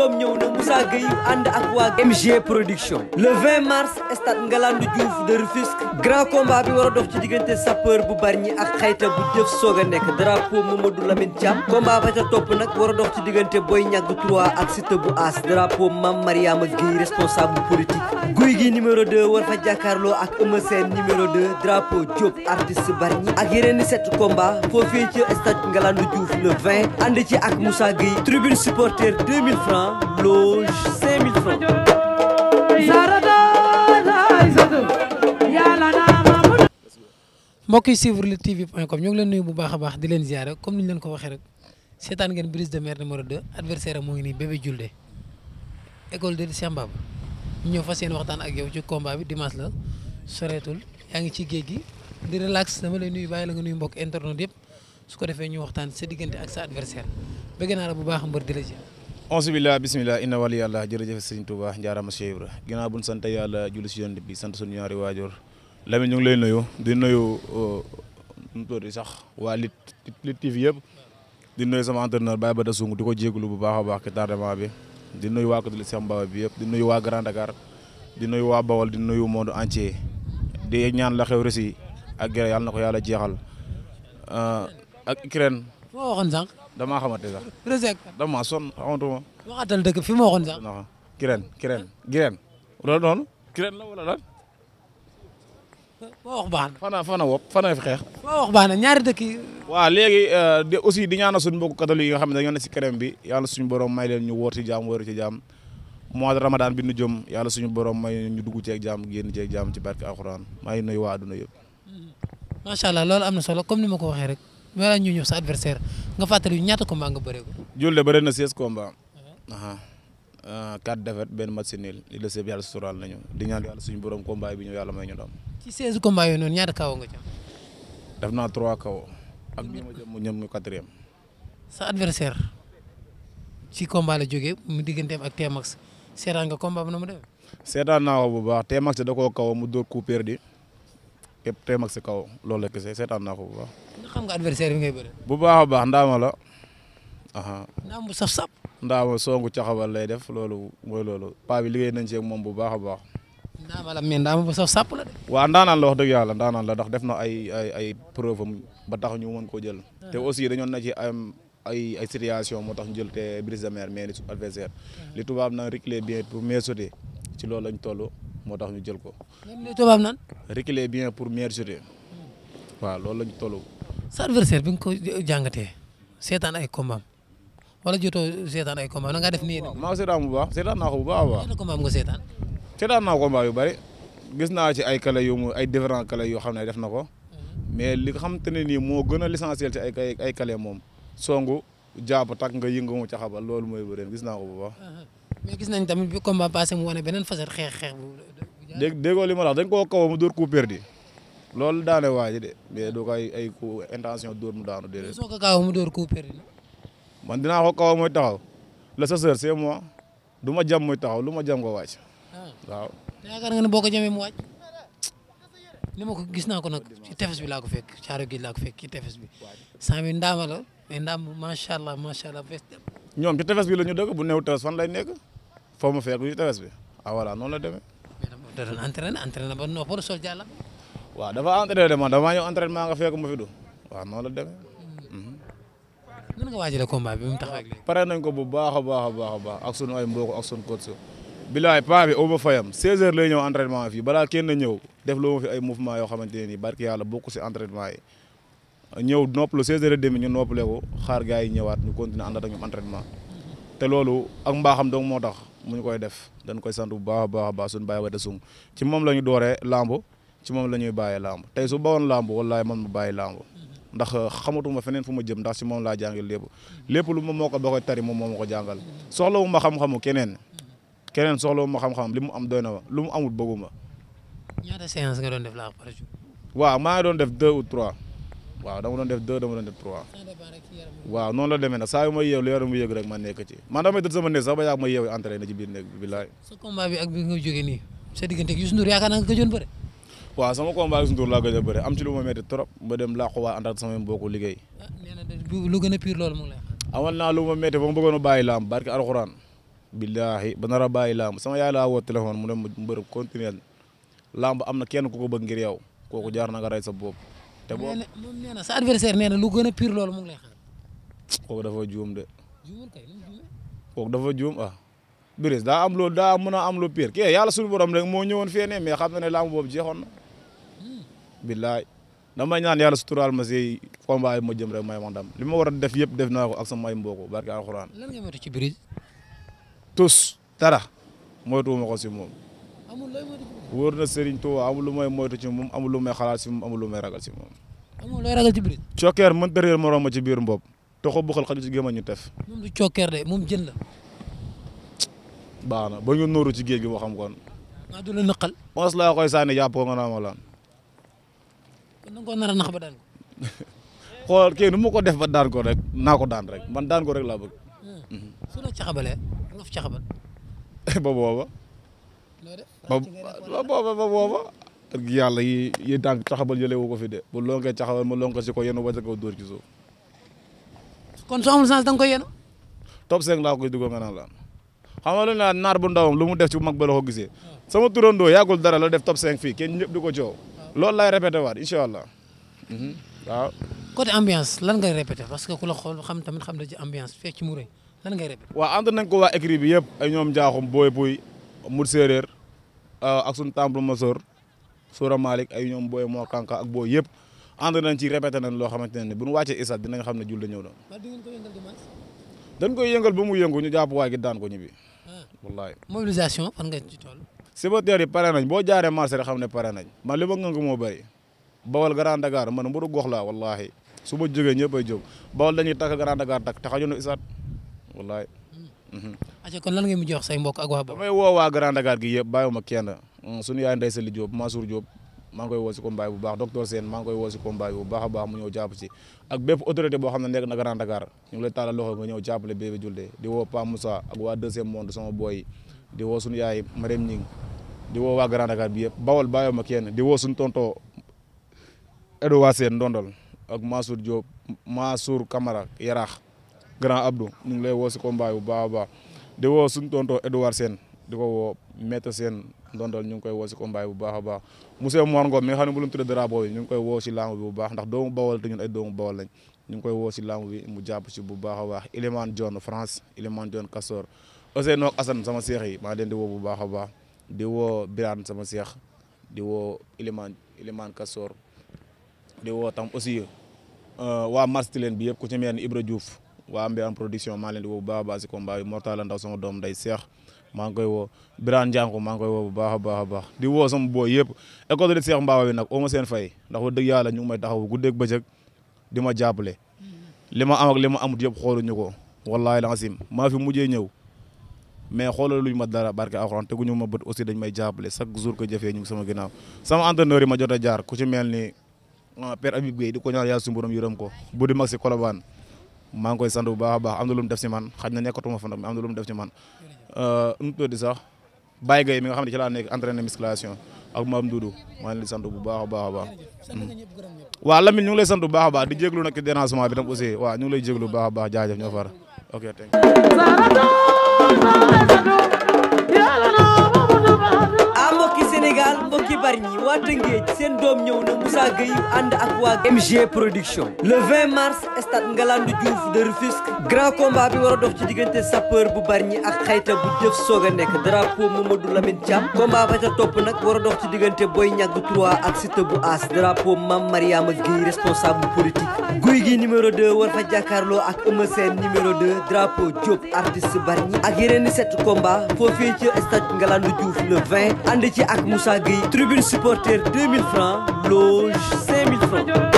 otoom ñëw na Moussa ànd ak waa MG production le mars stade Ngalandou Diouf de Rufisque grand combat bi war a dox ci diggante sapeur bu Bargny ak xayta bu jëf soog a nekk drapeau Mamadou Lamine Thiam combat ba ca topp nag war dox ci diggante Boy Niang 3 ak Siteu bu As drapeau Mame Mariama Gueye responsable politique guy gi numéro 2 war fa jàkkaarloo ak Eumeu Sène numéro 2 drapeau Diop artiste Bargny ak yeneen i sept combat foofee ci stade Ngalandou Diouf le ànd ci ak Moussa Blanc loge 5000 francs. mbokk yi suivre Lutte TV point com ñoo ngi leen nuyu bu baax a baax di leen ziare comme ni ñu leen ko waxee rek seetaan ngeen brise de mer numéro 2 adversaire am moo ngi nii Bébé Diouldé école de Cheikh Mbaba ñu ñëw fas yéene waxtaan ak yow ci combat bi dimanche la soreetul yaa ngi ci géej gi di relax dama lay nuyu bàyyi la nga nuyu mbokk internet yëpp su ko defee ñu waxtaan sa diggante ak sa adversaire bëgg naa la bu baax mbër di la onsi billah bisimillah inna wali yàlla jërëjëf sëriñ Touba njaarama Cheikh Ibra ginnaaw buñ sant yàlla julli si yoon bi sant suñu ñaari waajur Lamine ñu ngi lay nuyu di nuyu uh, mu tudd sax waa lit lit TV yëpp di nuyu sama entraîneur Baye ba Sung di ko jégalu bu baax a baax ci bi di nuyu waa Kodul Cheikh Mbaw bi yëpp di nuyu waa Grand Dakar di nuyu waa Bawol di nuyu monde entier di ñaan la xew Russie ak Grèce yàlla na ko yàlla jeexal uh, ak Ukraine. damaa xamante sax. projet damaa sonn xamatuma. waxatal dëgg fi ma waxoon sax. kireen kireen kireen. noonu kireen la wala lan. foo wax baax na. fana fana wopp fana fi xeex. foo wax baax ñaari dëkk yi. waaaa léegi euh, de aussi di ñaanal suñu mbokku catholique nga xam ne dañoo ne si kerem bi yàlla suñu borom may leen ñu wóor ci jaam wóoru ci jaam mois ramadan bi nu jëm yàlla suñu borom may ñu dugg ceeg jaam génn ceeg jaam ci barke alxuraan maa ngi nuyu waa adduna yëpp. Mm-hmm. macha allah loolu am na solo comme ni ma ko waxee rek wala ñu ñëw sa adversaire nga fàttali ñaata combat nga bëree ko. de bëri na 16 combats. 4 défaites benn match nul li des yàlla suturaal nañu di ñaan yàlla suñu borom combat bi ñu yàlla may ñu doon. ci 16 combats yooyu noonu ñaata kaw nga ci am. naa 3 kaw. ak bii ma jëm mu ñoom ñu quatrième. sa adversaire ci combat la jógee mu digganteem ak Tmax nga combat bi na mu seetaan naa ko bu baax Tmax da koo kaw mu dóor coup perdu. képp teem ak si kaw loolu la gisee seetaan naa ko bu baax. xam nga ngay bëri. bu baax a baax ndaama la. ndaam bu sap saf. ndaama songu caxabal lay def loolu mooy loolu paa bi liggéey nañ ci moom bu baax a baax. ndaama la mais ndaama bu sap saf la de. waaw ndaanaan la wax dëgg yàlla ndaanaan la ndax def na ay ay ay preuve ba tax ñu mën koo jël. Ah. te aussi dañoon na ci ay ay situation moo tax jël te brise de mer mais adversaire ah. li tubaab na reculer bien pour mieux ci loolu lañ toll. moo tax ñu jël ko. ngeen tubaab naan. reculer bien pour mieux jouer. waaw loolu la ñu toll. sa adversaire bi nga ko jàngatee seetaan ay combat wala jotoo seetaan ay combat na nga def nii. waaw maa seetaan bu baax seetaan bu baax a baax. ñaata combat nga seetaan. seetaan naa yu bëri gis naa ci ay kale yu mu ay différents kale yoo xam ne def na ko. Mhm. mais li nga xamante ne nii moo gën a l'essentiel ci ay ay ay kale moom. songu jàpp takk nga yëngu mu caxabal loolu mooy bëri gis naa ko bu mais gis nañ tamit bi combat passé mu wane beneen façon xeex xeex bu. dé déggoo li ma la kaw mu dóor coup perdu loolu daane waa ji de mais du ko ay ay dóor mu daanu déedéet. soo ko mu dóor coup perdu. man dinaa ko kaw muy taxaw le chasseur c'est du ma jam muy taxaw lu ma jam ko wàcc. Ah. waaw yaakaar nga ne boo ko jamee mu ma ko gis naa ko nag ci bi laa ko fekk caaro gi laa ko fekk ci tefes bi saa mi ndaama la mais ndaam macha allah macha allah. ñoom ci tefes bi la ñu dëkk bu néew tefes fan lay nekk. foo ma fekk yu tefes bi ah voilà noonu la demee. mais da doon entraîné entraîné ba noppalu waaw dafa entraîné man damaa ñëw entraînement nga fekk ma la demee. Hmm. nan nga waajalee combat bi pare nañ ko bu baax a baax a baax a baax ak sunu ay mbokk ak sunu coach. bilaay fii balaa kenn ñëw def loo ma fi ay mouvement yoo xamante ne nii barki yàlla bokk si entraînement yi. ñëw noppalu 16 h ñu noppale ko xaar gars yi ñëwaat ñu continuer àndaat ak ñoom entraînement hmm. te loolu ak mbaaxam dong moo tax. mu ñu koy def dañ koy sant bu baax baax a baax suñu bàyyi wate sung ci moom la ñu dooree làmb ci moom la ñuy bàyyee làmb tey su bawoon làmb wallaay man ma bàyyi làmb ndax euh, xamatuma feneen fu ma jëm ndax si moom laa jàngal lépp lépp lu ma moo ko ba koy tari moom moo ma ko jàngal soxlawu ma xam xam keneen keneen soxlawu ma xam-xam li mu am doy na lu mu amul bëgguma. ñaata séance nga doon def laa par jour. waaw maa doon def deux ou trois. waaw dama doon def deux dama doon def trois waaw noon la demee nag saa yu ma yeew lu yaram mu yëg rek ma nekk ci man damay tëdd sama néeg sax ba yàgg ma yeew entraîné ci biir néeg bi bilaay sa combat bi ak bi nga jógee nii sa diggante ak Youssou Ndour yaakaar naa nga gëjoon bëre waaw sama combat ak Youssou Ndour laa gëj a bëre am ci lu ma metti trop ba dem laa ko waa ànd ak sama mbokku liggéey ah, lu gën a lu ma metti ba ma bëggoon a bàyyi laam barke alxuraan billaahi ba nar a laam sama yaay laa woo téléphone mu ne mbërëb continuel laam ba am na kenn ku ko bëgg ngir yow kooku jaar na nga rey sa bopp te boo moom nee na sa lu gën a pire loolu mu ngi lay xaar. kooku dafa juum de. juumul dafa juum ah. Brice daa am loo daa mën a am lu pire kii yàlla suñu borom rek moo ñëwoon fii mais xam na ne laamu boobu jeexoon na. Hmm. billaay damay ñaan yàlla suturaal ma si combat yi ma jëm rek may ma ndam li ma war a def yëpp def naa ko ak sama may mbokk barke alxuraan. lan nga moytu ci Brice. tous ko si wóor na Serigne Touba amul lu may moytu ci moom amul lu may xalaat si moom amul lu ragal si moom. amul looy ci biir. cokkeer man dëreer morom ma ci biir mboob toxu bu xal xaju ci gémmañ ñu tef. moom du cokkeer de moom jën nooru ci géej gi boo xam kon. maa du la naqal. mos koy sànni jàpp ko nga naa ma lan. na ko nar a nax ba daan ko. xool nu ma ko def ba daan ko rek naa ko daan rek man daan ko rek laa hmm. ba booba. ba ba booba ba booba ak yàlla yi yi tànk taxabal jëlee wu ko fi de bu lonkee taxabal ma lonk si ko yenu ba sa kaw dóor ci suuf kon soo amul chance da nga koy yenu top cinq laa koy dugal nga naan la xam nga lu naan naar bu ndawam lu mu def ci mag ba la ko gisee sama turandoo yàggul dara la def top cinq fii kenn ñëpp di ko coow loolu laay répété waat incha allah mhm, waaw côté ambiance lan ngay répété parce que ku la xool xam tamit xam na ci ambiance fekk ci mu rëy lan ngay répété waaw ànd nañ ko waa écrit bi yëpp ay ñoom jaaxum booy buy mut séeréer euh, ak suñu temple Masor Soura Malick ay ñoom booy moo Kanka ak boo yëpp ànd nañ ci répété nañ loo xamante ne ni bu ñu wàccee isaat dinañ xam ne julli ñëw na. dañ koy yëngal ba mu yëngu ñu jàpp waay gi daan ko ñibbi. Ah. wallaay mobilisation fan nga ci toll. supporters yi pare nañ boo jaaree marché rek xam ne pare nañ man li ma ngëng moo bëri Bawol Grand Dakar man mbiru gox laa wallaahi su ma jógee ñëpp ay jóg Bawol dañuy tak Grand Dakar takk taxañu nu isaat wallaay Mm-hmm. aca kon lan ngay mujj wax say mbokk ak waa boobu woo waa Grand Dakar gi yëpp bàyyiwuma kenn mm, suñu yaay Ndeye Sali Diop Mansour Diop maa ngi koy woo si bu baax docteur Sène maa ngi koy woo si combat bu baax a baax mu ñëw jàpp si ak bépp autorité boo xam ne nekk na Grand Dakar ñu ngi lay tàllal loxo nga ñëw jàppale Bébé Diouldé di woo Pa Moussa ak waa deuxième monde sama booy di woo suñu yaay Marème Ning di woo waa Grand Dakar bi yëpp bawol bàyyiwuma kenn di woo suñu tonto Edouard Sène Ndondol ak Mansour Diop Mansour Camara Yaraax grand Abdou ñu ngi lay woo si combat bu baax a baax di woo suñu tonton Edouard Sène di ko woo Maître Sène ndondol ñu ngi koy woo si combat bu baax a baax monsieur Mor Ngom mi nga xam ne bu lu mu tudde drapeau ñu ngi koy woo si lamb bi bu baax ndax doomu bawal te ñun ay lañ ñu ngi koy woo si lamb bi mu jàpp si bu baax a baax Ilimane John France Ilimane John Castor Ousseynou ak Assane sama seex yi maa leen di woo bu baax a baax di woo Birane sama seex di woo Ilimane Ilimane Castor di woo tam aussi euh, waa Marsetilène bi yëpp ku ci mel waa Mbeyane production maa leen di woo bu baax baax si combat bi Mortala Ndaw sama doom day seex maa ngi koy woo Birane Ndiango maa ngi koy woo bu baax a baax a baax di woo sama boo yëpp école de seex mbaawa bi nag oo seen fay ndax wax dëgg yàlla ñu ngi may taxaw guddeeg bëccëg di ma jàppale li ma am ak li ma amut yëpp xooluñu ko wallaahi lancim maa fi mujjee ñëw mais xoolal luñ ma dara barke alxuraan te guñu ma bët aussi dañ may jàppale chaque jour que jëfee ñu sama ginnaaw sama entraîneur yi ma jot a jaar ku ci mel ni ah, père Habib Gueye di ko ñaan yàlla suñu borom ko bu di mag si Colobane maa ngi koy sant bu baax baax am na lu mu def si man xaj na nekkatuma fa nag am na lu mu def man euh, nu tuddi sax Baye Gueye mi nga xam ne ci laa nekk entraîné ne ak am Doudou maa ngi leen di sant bu baax a baax a baax hmm. waaw Lamine ñu ngi lay sant bu baax a baax di jéglu nag ci dérangement bi tam aussi waaw ñu ngi lay jéglu bu baax ñoo far ok thank mbokki Bargny waa Tëngéej seen doom ñëw na Moussa Gueye ànd ak waa MG production le 20 mars stade Ngalandou Diouf de Rufisque grand combat bi war a dox ci diggante sapeur bu Bargny ak xayta bu jëf soog a nekk drapeau Mamadou Lamine Thiam a responsable politique guy gi numéro 2 war fa jàkkaarloo ak Eumeu numéro 2 drapeau Diop artiste Bargny ak yeneen i sept combat foofee ci stade Ngalandou Diouf le 20 ànd ci ak Moussa Gueye Tribune supporter 2000 francs, loge 5000 francs.